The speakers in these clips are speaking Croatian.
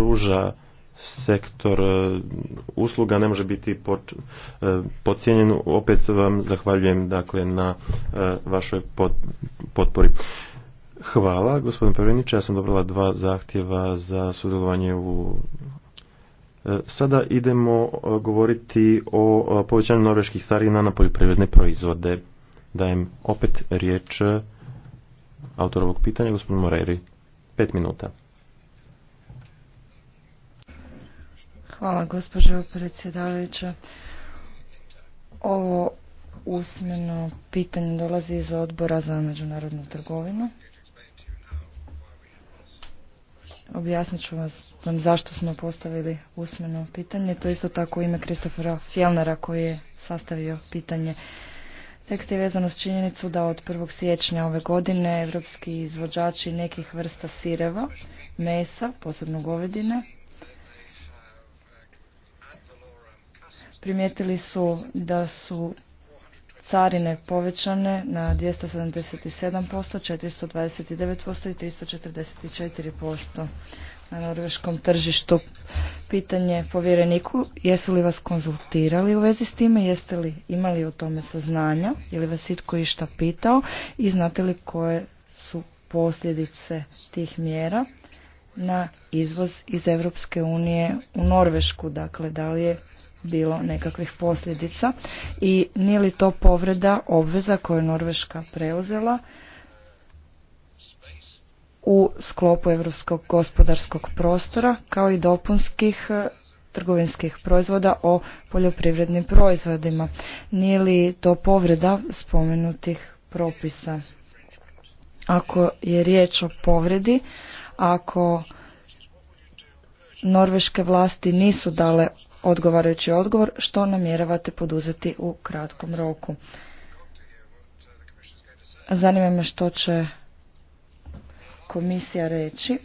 pruža sektor e, usluga ne može biti e, podcijenjen. Opet vam zahvaljujem dakle na e, vašoj potpori. Hvala, gospodine Prveniče. Ja sam dobrala dva zahtjeva za sudjelovanje u... Sada idemo govoriti o povećanju norveških carina na poljoprivredne proizvode. Dajem opet riječ autorovog pitanja, gospodinu Moreri. Pet minuta. Hvala gospođo predsjedavajuća. Ovo usmeno pitanje dolazi iz odbora za međunarodnu trgovinu. Objasnit ću vas, vam zašto smo postavili usmeno pitanje. To je isto tako ime Kristofera Fjelnera koji je sastavio pitanje. Tekst je vezano s činjenicu da od 1. siječnja ove godine evropski izvođači nekih vrsta sireva, mesa, posebno govedine, primijetili su da su carine povećane na 277%, 429% i 344% na norveškom tržištu. Pitanje povjereniku, jesu li vas konzultirali u vezi s time, jeste li imali o tome saznanja, je li vas itko išta pitao i znate li koje su posljedice tih mjera na izvoz iz Europske unije u Norvešku, dakle da li je bilo nekakvih posljedica i nije li to povreda obveza koju je Norveška preuzela u sklopu Europskog gospodarskog prostora kao i dopunskih e, trgovinskih proizvoda o poljoprivrednim proizvodima. Nije li to povreda spomenutih propisa? Ako je riječ o povredi, ako norveške vlasti nisu dale odgovarajući odgovor što namjeravate poduzeti u kratkom roku. Zanima me što će komisija reći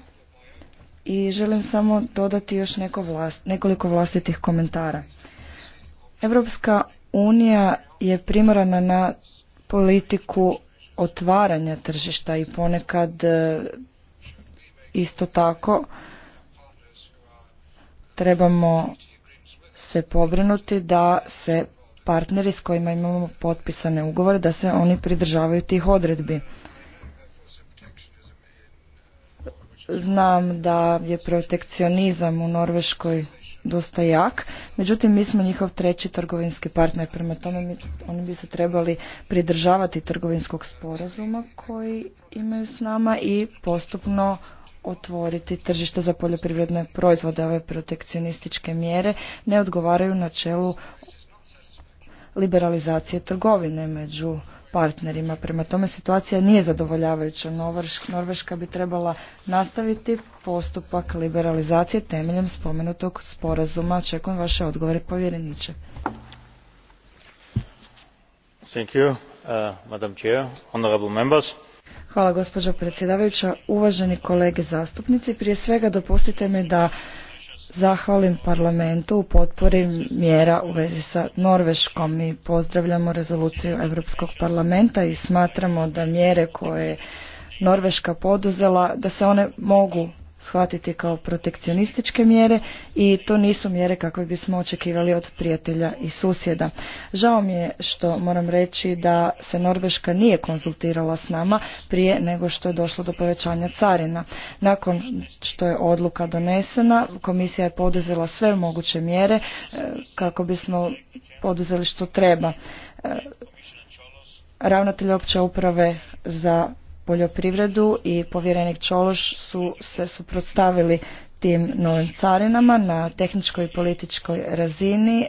i želim samo dodati još neko vlast, nekoliko vlastitih komentara. Europska unija je primorana na politiku otvaranja tržišta i ponekad e, isto tako trebamo se pobrinuti da se partneri s kojima imamo potpisane ugovore, da se oni pridržavaju tih odredbi. Znam da je protekcionizam u Norveškoj dosta jak, međutim mi smo njihov treći trgovinski partner, prema tome oni bi se trebali pridržavati trgovinskog sporazuma koji imaju s nama i postupno otvoriti tržište za poljoprivredne proizvode. Ove protekcionističke mjere ne odgovaraju na čelu liberalizacije trgovine među partnerima. Prema tome situacija nije zadovoljavajuća. Norveška bi trebala nastaviti postupak liberalizacije temeljem spomenutog sporazuma. Očekujem vaše odgovore povjereniče. Thank you, uh, Madam Chair, honorable members. Hvala gospođo predsjedavajuća. Uvaženi kolege zastupnici, prije svega dopustite mi da zahvalim parlamentu u potpori mjera u vezi sa Norveškom. Mi pozdravljamo rezoluciju Europskog parlamenta i smatramo da mjere koje Norveška poduzela, da se one mogu shvatiti kao protekcionističke mjere i to nisu mjere kakve bismo očekivali od prijatelja i susjeda. Žao mi je što moram reći da se Norveška nije konzultirala s nama prije nego što je došlo do povećanja carina. Nakon što je odluka donesena, komisija je poduzela sve moguće mjere e, kako bismo poduzeli što treba. E, ravnatelj opće uprave za poljoprivredu i povjerenik Čološ su se suprotstavili tim novim carinama na tehničkoj i političkoj razini. E,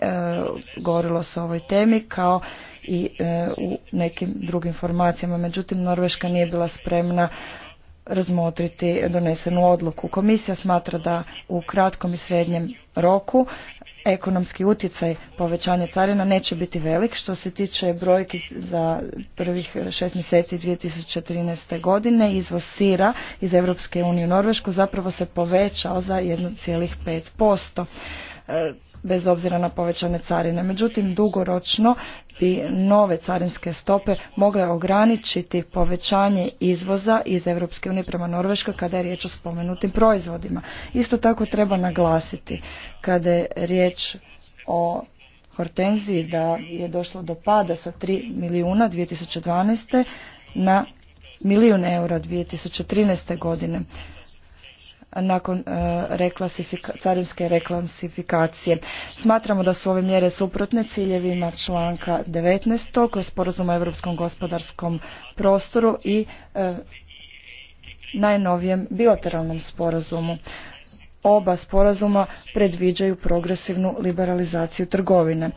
govorilo se o ovoj temi kao i e, u nekim drugim formacijama. Međutim, Norveška nije bila spremna razmotriti donesenu odluku. Komisija smatra da u kratkom i srednjem roku ekonomski utjecaj povećanja carina neće biti velik. Što se tiče brojki za prvih šest mjeseci 2013. godine, izvoz sira iz Europske unije u Norvešku zapravo se povećao za 1,5%. E, bez obzira na povećane carine. Međutim, dugoročno bi nove carinske stope mogle ograničiti povećanje izvoza iz Europske unije prema Norveškoj kada je riječ o spomenutim proizvodima. Isto tako treba naglasiti kada je riječ o hortenziji da je došlo do pada sa 3 milijuna 2012. na milijun eura 2013. godine nakon e, carinske reklasifikacije. Smatramo da su ove mjere suprotne ciljevima članka 19. sporazuma o Europskom gospodarskom prostoru i e, najnovijem bilateralnom sporazumu. Oba sporazuma predviđaju progresivnu liberalizaciju trgovine.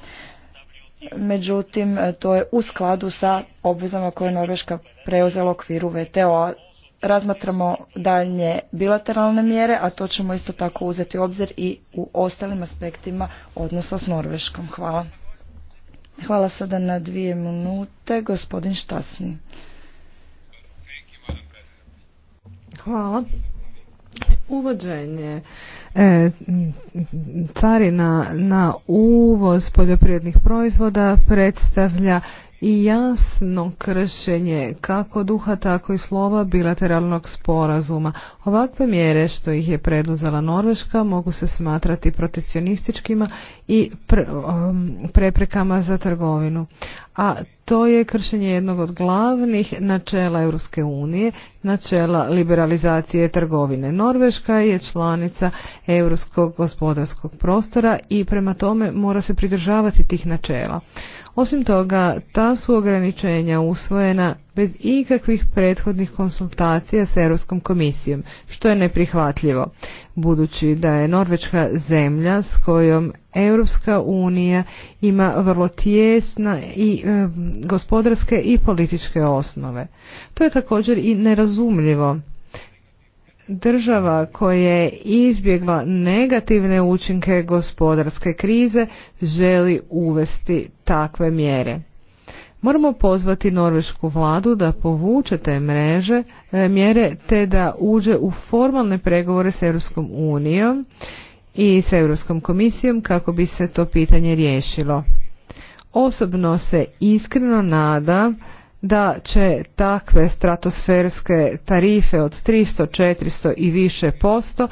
Međutim, e, to je u skladu sa obvezama koje je Norveška preuzela u okviru VTO-a razmatramo daljnje bilateralne mjere, a to ćemo isto tako uzeti u obzir i u ostalim aspektima odnosa s Norveškom. Hvala. Hvala sada na dvije minute, gospodin Štasni. Hvala. Uvođenje E, carina na uvoz poljoprivrednih proizvoda predstavlja i jasno kršenje kako duha tako i slova bilateralnog sporazuma. Ovakve mjere što ih je preduzela Norveška mogu se smatrati protekcionističkima i um, preprekama za trgovinu a to je kršenje jednog od glavnih načela Europske unije, načela liberalizacije trgovine. Norveška je članica Europskog gospodarskog prostora i prema tome mora se pridržavati tih načela. Osim toga, ta su ograničenja usvojena bez ikakvih prethodnih konsultacija s Europskom komisijom, što je neprihvatljivo, budući da je Norvečka zemlja s kojom Europska unija ima vrlo tijesna i e, gospodarske i političke osnove. To je također i nerazumljivo država koja je izbjegla negativne učinke gospodarske krize želi uvesti takve mjere. Moramo pozvati norvešku vladu da povuče te mreže, e, mjere te da uđe u formalne pregovore s Europskom unijom i s Europskom komisijom kako bi se to pitanje riješilo. Osobno se iskreno nadam da će takve stratosferske tarife od 300, 400 i više posto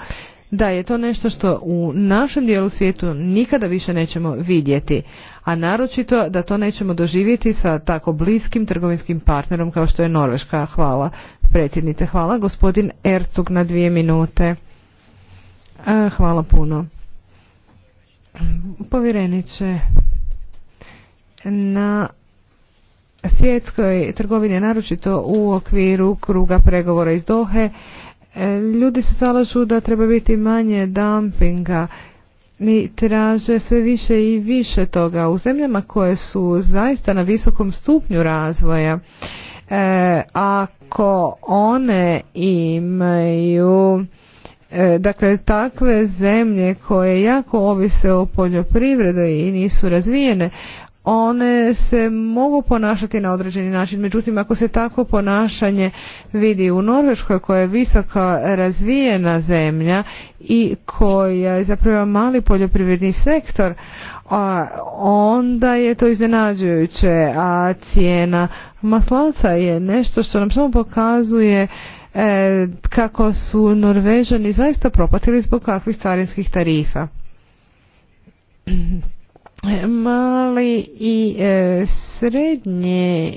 da je to nešto što u našem dijelu svijetu nikada više nećemo vidjeti, a naročito da to nećemo doživjeti sa tako bliskim trgovinskim partnerom kao što je Norveška. Hvala predsjednice, hvala gospodin Ertug na dvije minute. E, hvala puno. Povjereniče, na svjetskoj trgovini, naročito u okviru kruga pregovora iz Dohe, e, ljudi se zalažu da treba biti manje dumpinga i traže sve više i više toga u zemljama koje su zaista na visokom stupnju razvoja. E, ako one imaju e, dakle takve zemlje koje jako ovise o poljoprivredi i nisu razvijene one se mogu ponašati na određeni način. Međutim, ako se takvo ponašanje vidi u Norveškoj koja je visoka razvijena zemlja i koja je zapravo mali poljoprivredni sektor, onda je to iznenađujuće, a cijena maslaca je nešto što nam samo pokazuje e, kako su Norvežani zaista propatili zbog kakvih carinskih tarifa mali i e, srednji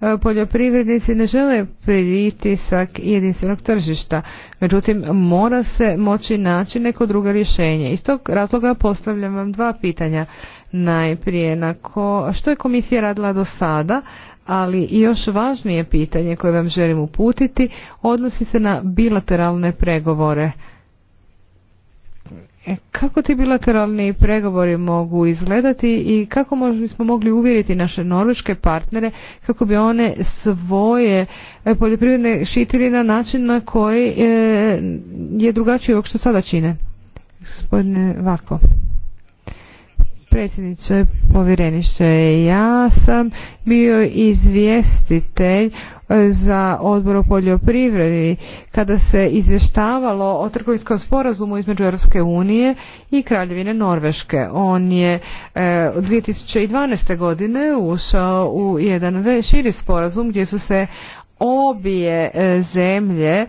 e, poljoprivrednici ne žele pritisak jedinstvenog tržišta. Međutim, mora se moći naći neko drugo rješenje. Iz tog razloga postavljam vam dva pitanja. Najprije, nako, što je komisija radila do sada, ali još važnije pitanje koje vam želim uputiti odnosi se na bilateralne pregovore. E, kako ti bilateralni pregovori mogu izgledati i kako smo mogli uvjeriti naše norveške partnere kako bi one svoje e, poljoprivredne šitili na način na koji e, je drugačiji ovog što sada čine? Gospodine Vako predsjedniče, povjereniče, ja sam bio izvjestitelj e, za odbor o poljoprivredi kada se izvještavalo o trgovinskom sporazumu između Europske unije i Kraljevine Norveške. On je e, 2012. godine ušao u jedan širi sporazum gdje su se obje e, zemlje e,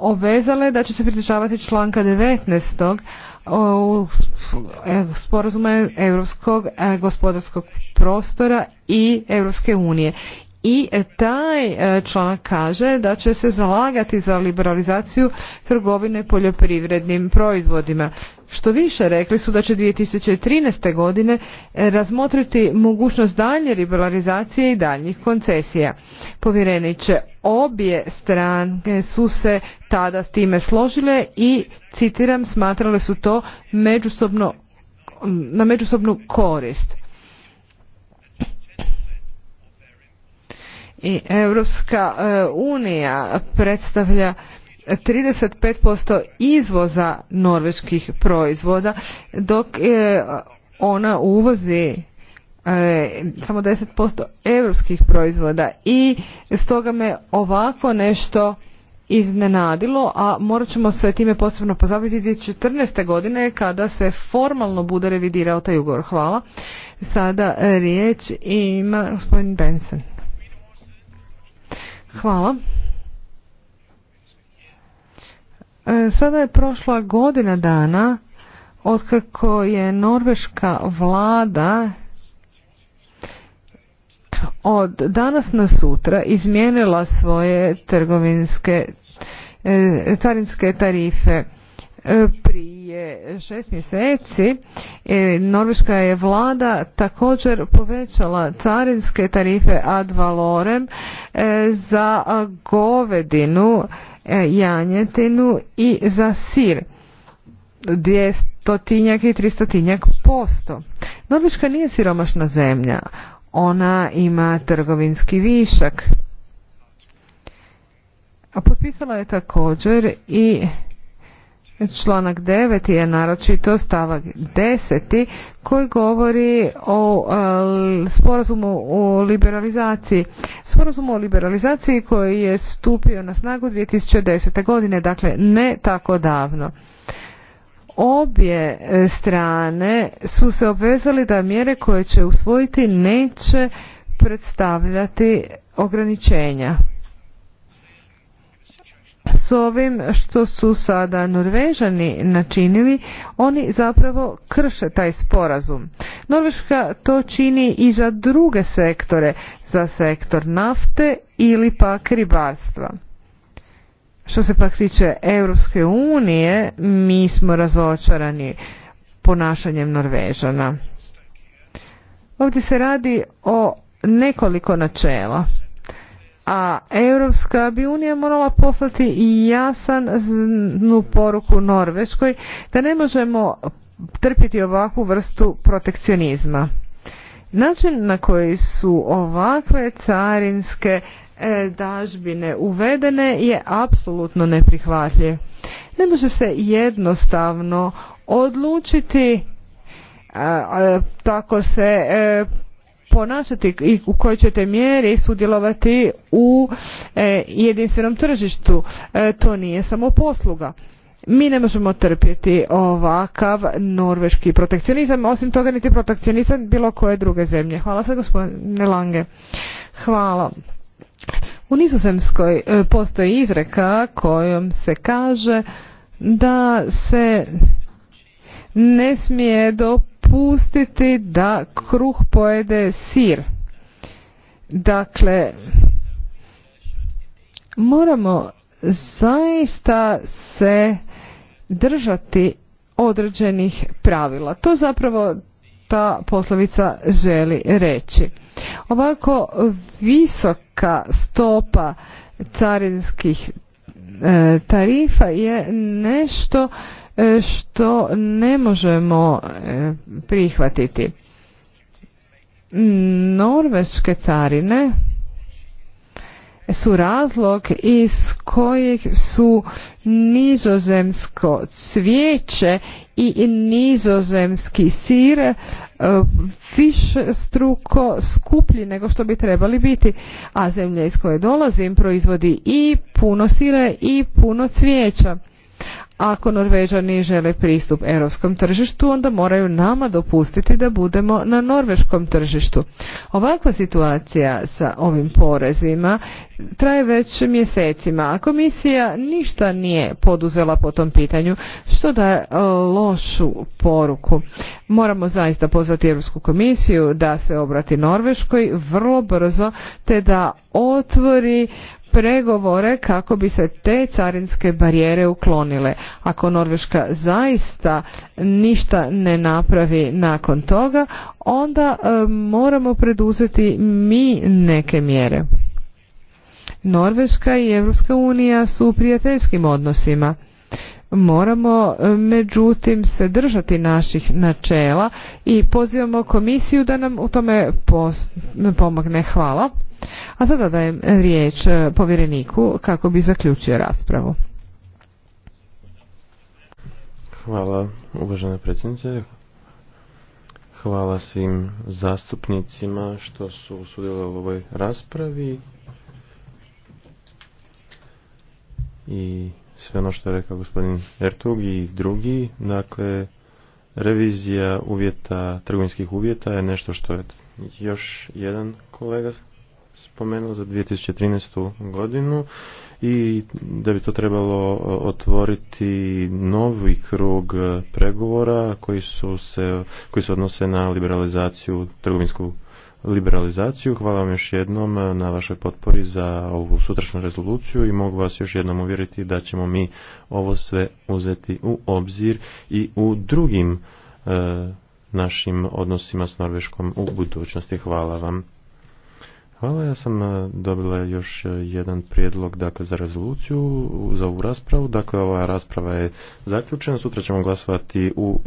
obvezale da će se pridržavati članka 19 E, sporazuma europskog e, gospodarskog prostora i Europske unije i taj e, članak kaže da će se zalagati za liberalizaciju trgovine poljoprivrednim proizvodima. Što više, rekli su da će 2013. godine e, razmotriti mogućnost dalje liberalizacije i daljnjih koncesija. Povjereniče, obje strane su se tada s time složile i, citiram, smatrale su to međusobno, na međusobnu korist. i Europska e, unija predstavlja 35% izvoza norveških proizvoda, dok e, ona uvozi e, samo 10% europskih proizvoda i stoga me ovako nešto iznenadilo, a morat ćemo se time posebno pozabaviti 2014. godine kada se formalno bude revidirao taj ugovor. Hvala. Sada riječ ima gospodin Benson. Hvala. E, sada je prošla godina dana otkako je norveška vlada od danas na sutra izmijenila svoje trgovinske e, carinske tarife e, prije šest mjeseci norveška je vlada također povećala carinske tarife ad valorem E, za govedinu, e, janjetinu i za sir. Dvijestotinjak i tristotinjak posto. Norveška nije siromašna zemlja. Ona ima trgovinski višak. A potpisala je također i Članak 9 je naročito stavak 10 koji govori o e, sporazumu o liberalizaciji. Sporazum o liberalizaciji koji je stupio na snagu 2010. godine, dakle ne tako davno. Obje e, strane su se obvezali da mjere koje će usvojiti neće predstavljati ograničenja s ovim što su sada Norvežani načinili, oni zapravo krše taj sporazum. Norveška to čini i za druge sektore, za sektor nafte ili pak ribarstva. Što se pak tiče Europske unije, mi smo razočarani ponašanjem Norvežana. Ovdje se radi o nekoliko načela a Europska bi unija morala poslati i jasnu poruku Norveškoj da ne možemo trpiti ovakvu vrstu protekcionizma. Način na koji su ovakve carinske e, dažbine uvedene je apsolutno neprihvatljiv. Ne može se jednostavno odlučiti tako se e, ponašati i u kojoj ćete mjeri sudjelovati u e, jedinstvenom tržištu. E, to nije samo posluga. Mi ne možemo trpjeti ovakav norveški protekcionizam, osim toga niti protekcionizam bilo koje druge zemlje. Hvala sad gospodine Lange. Hvala. U Nizozemskoj e, postoji izreka kojom se kaže da se ne smije do dopustiti da kruh pojede sir. Dakle, moramo zaista se držati određenih pravila. To zapravo ta poslovica želi reći. Ovako visoka stopa carinskih e, tarifa je nešto E, što ne možemo e, prihvatiti. Norveške carine su razlog iz kojih su nizozemsko cvijeće i nizozemski sir e, više struko skuplji nego što bi trebali biti. A zemlja iz koje dolazim proizvodi i puno sire i puno cvijeća. Ako Norvežani žele pristup europskom tržištu, onda moraju nama dopustiti da budemo na norveškom tržištu. Ovakva situacija sa ovim porezima traje već mjesecima, a komisija ništa nije poduzela po tom pitanju, što da e, lošu poruku. Moramo zaista pozvati Europsku komisiju da se obrati Norveškoj vrlo brzo, te da otvori pregovore kako bi se te carinske barijere uklonile. Ako Norveška zaista ništa ne napravi nakon toga, onda e, moramo preduzeti mi neke mjere. Norveška i Europska unija su u prijateljskim odnosima. Moramo e, međutim se držati naših načela i pozivamo komisiju da nam u tome pomogne. Hvala. A sada dajem riječ e, povjereniku kako bi zaključio raspravu. Hvala uvažena predsjednice. Hvala svim zastupnicima što su sudjelovali u ovoj raspravi. I sve ono što je rekao gospodin Ertug i drugi, dakle revizija uvjeta, trgovinskih uvjeta je nešto što je još jedan kolega spomenuo za 2013. godinu i da bi to trebalo e, otvoriti novi krug e, pregovora koji su se koji se odnose na liberalizaciju trgovinsku liberalizaciju. Hvala vam još jednom e, na vašoj potpori za ovu sutrašnju rezoluciju i mogu vas još jednom uvjeriti da ćemo mi ovo sve uzeti u obzir i u drugim našim odnosima s Norveškom u budućnosti. Hvala vam. Hvala, ja sam e, dobila još e, jedan prijedlog dakle, za rezoluciju, za ovu raspravu. Dakle, ova rasprava je zaključena, sutra ćemo glasovati u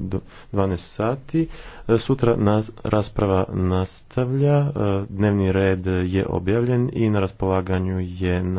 12 sati. E, sutra nas, rasprava nastavlja, dnevni red je objavljen i na raspolaganju je na